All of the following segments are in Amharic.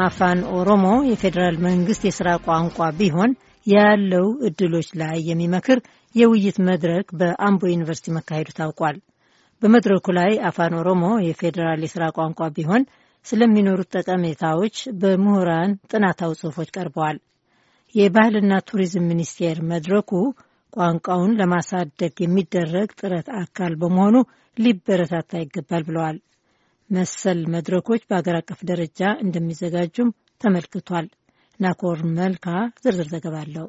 አፋን ኦሮሞ የፌዴራል መንግስት የስራ ቋንቋ ቢሆን ያለው እድሎች ላይ የሚመክር የውይይት መድረክ በአምቦ ዩኒቨርሲቲ መካሄዱ ታውቋል። በመድረኩ ላይ አፋን ኦሮሞ የፌዴራል የስራ ቋንቋ ቢሆን ስለሚኖሩት ጠቀሜታዎች በምሁራን ጥናታዊ ጽሑፎች ቀርበዋል። የባህልና ቱሪዝም ሚኒስቴር መድረኩ ቋንቋውን ለማሳደግ የሚደረግ ጥረት አካል በመሆኑ ሊበረታታ ይገባል ብለዋል። መሰል መድረኮች በአገር አቀፍ ደረጃ እንደሚዘጋጁም ተመልክቷል። ናኮር መልካ ዝርዝር ዘገባ አለው።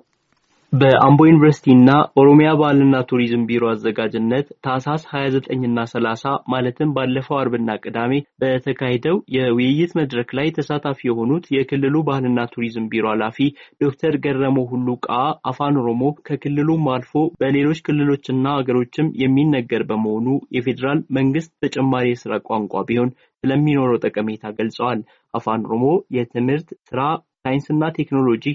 በአምቦ ዩኒቨርሲቲ እና ኦሮሚያ ባህልና ቱሪዝም ቢሮ አዘጋጅነት ታህሳስ 29ና 30 ማለትም ባለፈው አርብና ቅዳሜ በተካሄደው የውይይት መድረክ ላይ ተሳታፊ የሆኑት የክልሉ ባህልና ቱሪዝም ቢሮ ኃላፊ ዶክተር ገረሞ ቃ አፋን ኦሮሞ ከክልሉም አልፎ በሌሎች ክልሎችና ሀገሮችም የሚነገር በመሆኑ የፌዴራል መንግስት ተጨማሪ የስራ ቋንቋ ቢሆን ስለሚኖረው ጠቀሜታ ገልጸዋል። አፋን ኦሮሞ የትምህርት ስራ፣ ሳይንስና ቴክኖሎጂ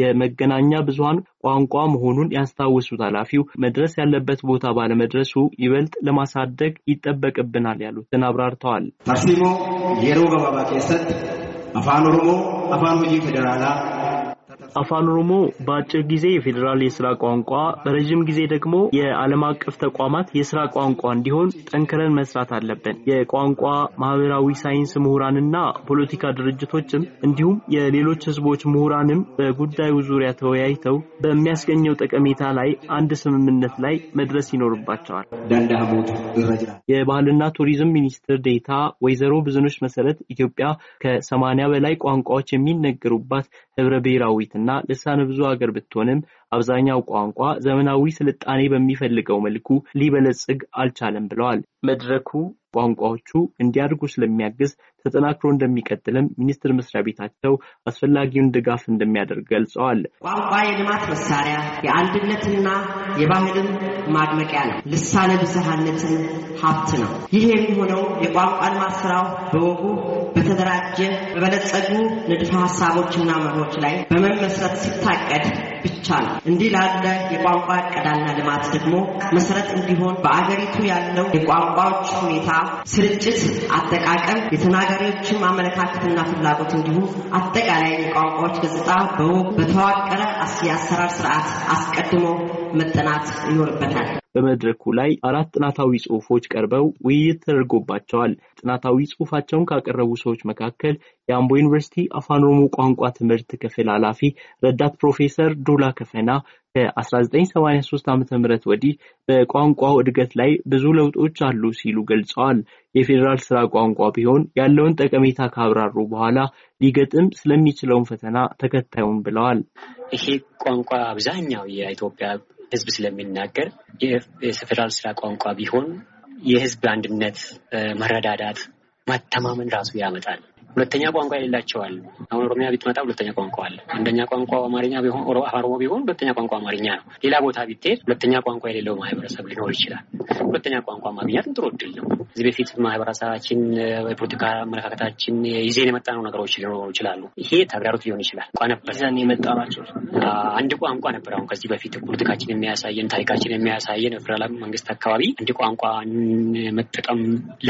የመገናኛ ብዙሀን ቋንቋ መሆኑን ያስታውሱት ኃላፊው መድረስ ያለበት ቦታ ባለመድረሱ ይበልጥ ለማሳደግ ይጠበቅብናል ያሉትን አብራርተዋል። የሮ ገባባ አፋን ኦሮሞ አፋን ሆጂ ፌደራላ አፋን ኦሮሞ በአጭር ጊዜ የፌዴራል የስራ ቋንቋ በረዥም ጊዜ ደግሞ የዓለም አቀፍ ተቋማት የስራ ቋንቋ እንዲሆን ጠንክረን መስራት አለብን። የቋንቋ ማህበራዊ ሳይንስ ምሁራንና ፖለቲካ ድርጅቶችም እንዲሁም የሌሎች ህዝቦች ምሁራንም በጉዳዩ ዙሪያ ተወያይተው በሚያስገኘው ጠቀሜታ ላይ አንድ ስምምነት ላይ መድረስ ይኖርባቸዋል። የባህልና ቱሪዝም ሚኒስትር ዴታ ወይዘሮ ብዙኖች መሰረት ኢትዮጵያ ከሰማንያ በላይ ቋንቋዎች የሚነገሩባት ህብረ ብሔራዊት ልሳነ ብዙ ሀገር ብትሆንም አብዛኛው ቋንቋ ዘመናዊ ስልጣኔ በሚፈልገው መልኩ ሊበለጽግ አልቻለም ብለዋል። መድረኩ ቋንቋዎቹ እንዲያድጉ ስለሚያግዝ ተጠናክሮ እንደሚቀጥልም ሚኒስቴር መስሪያ ቤታቸው አስፈላጊውን ድጋፍ እንደሚያደርግ ገልጸዋል። ቋንቋ የልማት መሳሪያ፣ የአንድነትና የባህልን ማድመቂያ ነው። ልሳነ ብዝሃነትን ሀብት ነው። ይህ የሚሆነው የቋንቋ ልማት ስራው በወጉ በተደራጀ በበለጸጉ ንድፈ ሀሳቦችና መርሆች ላይ በመመስረት ሲታቀድ ብቻ ነው። እንዲህ ላለ የቋንቋ እቀዳና ልማት ደግሞ መሰረት እንዲሆን በአገሪቱ ያለው የቋንቋዎች ሁኔታ ስርጭት፣ አጠቃቀም፣ የተናጋሪዎችን አመለካከትና ፍላጎት እንዲሁም አጠቃላይ የቋንቋዎች ገጽታ በወግ በተዋቀረ የአሰራር ስርዓት አስቀድሞ መጠናት ይኖርበታል። በመድረኩ ላይ አራት ጥናታዊ ጽሁፎች ቀርበው ውይይት ተደርጎባቸዋል። ጥናታዊ ጽሁፋቸውን ካቀረቡ ሰዎች መካከል የአምቦ ዩኒቨርሲቲ አፋን ኦሮሞ ቋንቋ ትምህርት ክፍል ኃላፊ ረዳት ፕሮፌሰር ዱላ ከፈና ከ1983 ዓ ም ወዲህ በቋንቋው እድገት ላይ ብዙ ለውጦች አሉ ሲሉ ገልጸዋል። የፌዴራል ስራ ቋንቋ ቢሆን ያለውን ጠቀሜታ ካብራሩ በኋላ ሊገጥም ስለሚችለውን ፈተና ተከታዩን ብለዋል። ይሄ ቋንቋ አብዛኛው የኢትዮጵያ ህዝብ ስለሚናገር የፌዴራል ስራ ቋንቋ ቢሆን የህዝብ አንድነት፣ መረዳዳት፣ መተማመን ራሱ ያመጣል። ሁለተኛ ቋንቋ የሌላቸው አሉ። አሁን ኦሮሚያ ብትመጣ ሁለተኛ ቋንቋ አለ። አንደኛ ቋንቋ አማርኛ ቢሆን ኦሮሞ ቢሆን ሁለተኛ ቋንቋ አማርኛ ነው። ሌላ ቦታ ብትሄድ ሁለተኛ ቋንቋ የሌለው ማህበረሰብ ሊኖር ይችላል። ሁለተኛ ቋንቋ ማግኘት ጥሩ እድል ነው። እዚህ በፊት ማህበረሰባችን የፖለቲካ አመለካከታችን ይዜን የመጣ ነው ነገሮች ሊኖሩ ይችላሉ። ይሄ ተግዳሮት ሊሆን ይችላል። ቋ የመጣ ናቸው። አንድ ቋንቋ ነበር። አሁን ከዚህ በፊት ፖለቲካችን የሚያሳየን ታሪካችን የሚያሳየን ፌደራል መንግስት አካባቢ አንድ ቋንቋ መጠቀም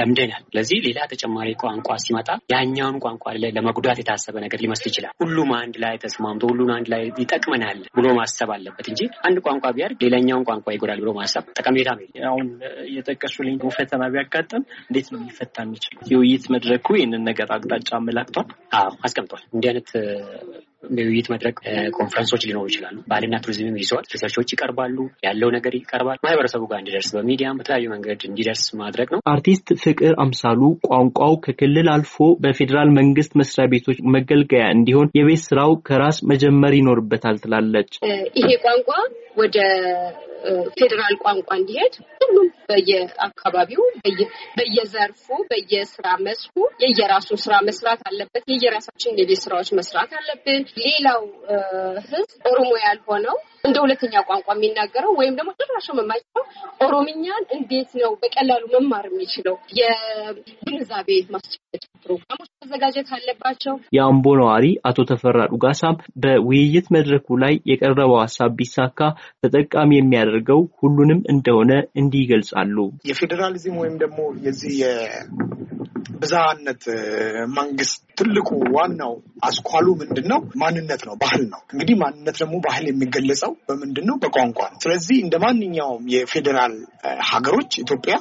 ለምደናል። ስለዚህ ሌላ ተጨማሪ ቋንቋ ሲመጣ ያኛውን በሌላም ቋንቋ ለመጉዳት የታሰበ ነገር ሊመስል ይችላል። ሁሉም አንድ ላይ ተስማምቶ ሁሉን አንድ ላይ ይጠቅመናል ብሎ ማሰብ አለበት እንጂ አንድ ቋንቋ ቢያድግ ሌላኛውን ቋንቋ ይጎዳል ብሎ ማሰብ ጠቀሜታ አሁን የጠቀሱልኝ ፈተና ቢያጋጥም እንዴት ነው ሊፈታ የሚችል? የውይይት መድረኩ ይህንን ነገር አቅጣጫ አመላክቷል፣ አዎ አስቀምጧል። እንዲህ አይነት የውይይት መድረክ ኮንፈረንሶች ሊኖሩ ይችላሉ። ባህልና ቱሪዝምም ይዘዋል። ሪሰርቾች ይቀርባሉ፣ ያለው ነገር ይቀርባል። ማህበረሰቡ ጋር እንዲደርስ በሚዲያም በተለያዩ መንገድ እንዲደርስ ማድረግ ነው። አርቲስት ፍቅር አምሳሉ ቋንቋው ከክልል አልፎ በፌዴራል መንግስት መስሪያ ቤቶች መገልገያ እንዲሆን የቤት ስራው ከራስ መጀመር ይኖርበታል ትላለች። ይሄ ቋንቋ ወደ ፌዴራል ቋንቋ እንዲሄድ ሁሉም በየአካባቢው በየዘርፉ በየስራ መስኩ የየራሱ ስራ መስራት አለበት። የየራሳችን የቤት ስራዎች መስራት አለብን። ሌላው ህዝብ ኦሮሞ ያልሆነው እንደ ሁለተኛ ቋንቋ የሚናገረው ወይም ደግሞ ጭራሽ የማይችለው ኦሮምኛን እንዴት ነው በቀላሉ መማር የሚችለው? የግንዛቤ ማስጨበጫ ፕሮግራሞች መዘጋጀት አለባቸው። የአምቦ ነዋሪ አቶ ተፈራ ዱጋሳም በውይይት መድረኩ ላይ የቀረበው ሀሳብ ቢሳካ ተጠቃሚ የሚያደርገው ሁሉንም እንደሆነ እንዲህ ይገልጻሉ። የፌዴራሊዝም ወይም ደግሞ የዚህ የብዝሃነት መንግስት ትልቁ ዋናው አስኳሉ ምንድን ነው? ማንነት ነው፣ ባህል ነው። እንግዲህ ማንነት ደግሞ ባህል የሚገለጸው በምንድን ነው? በቋንቋ ነው። ስለዚህ እንደ ማንኛውም የፌዴራል ሀገሮች ኢትዮጵያ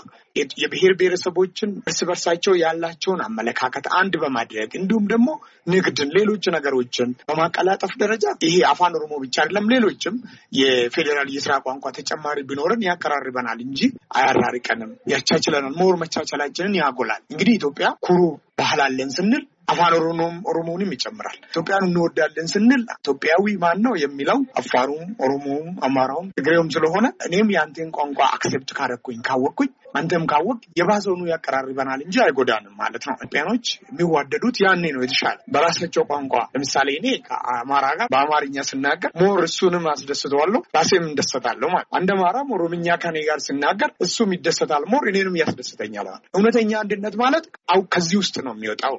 የብሔር ብሔረሰቦችን እርስ በርሳቸው ያላቸውን አመለካከት አንድ በማድረግ እንዲሁም ደግሞ ንግድን፣ ሌሎች ነገሮችን በማቀላጠፍ ደረጃ ይሄ አፋን ኦሮሞ ብቻ አይደለም፣ ሌሎችም የፌዴራል የስራ ቋንቋ ተጨማሪ ቢኖረን ያቀራርበናል እንጂ አያራርቀንም፣ ያቻችለናል። መወር መቻቻላችንን ያጎላል። እንግዲህ ኢትዮጵያ ኩሩ ባህል አለን ስንል አፋን ኦሮሞም ኦሮሞውንም ይጨምራል። ኢትዮጵያን እንወዳለን ስንል ኢትዮጵያዊ ማን ነው የሚለው አፋሩም፣ ኦሮሞውም፣ አማራውም ትግሬውም ስለሆነ እኔም የአንቴን ቋንቋ አክሴፕት ካደረግኩኝ ካወቅኩኝ አንተም ካወቅ የባሰኑ ያቀራርበናል እንጂ አይጎዳንም ማለት ነው። ኢትዮጵያኖች የሚዋደዱት ያኔ ነው የተሻለ በራሳቸው ቋንቋ። ለምሳሌ እኔ ከአማራ ጋር በአማርኛ ስናገር ሞር እሱንም አስደስተዋለሁ ራሴም እንደሰታለሁ ማለት አንድ አማራም ኦሮምኛ ከኔ ጋር ስናገር እሱም ይደሰታል ሞር እኔንም ያስደስተኛል። እውነተኛ አንድነት ማለት ከዚህ ውስጥ ነው የሚወጣው።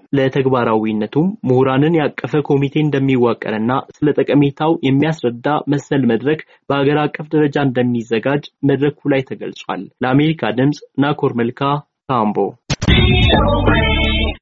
ተግባራዊነቱም ምሁራንን ያቀፈ ኮሚቴ እንደሚዋቀርና ስለ ጠቀሜታው የሚያስረዳ መሰል መድረክ በሀገር አቀፍ ደረጃ እንደሚዘጋጅ መድረኩ ላይ ተገልጿል። ለአሜሪካ ድምፅ ናኮር መልካ ካምቦ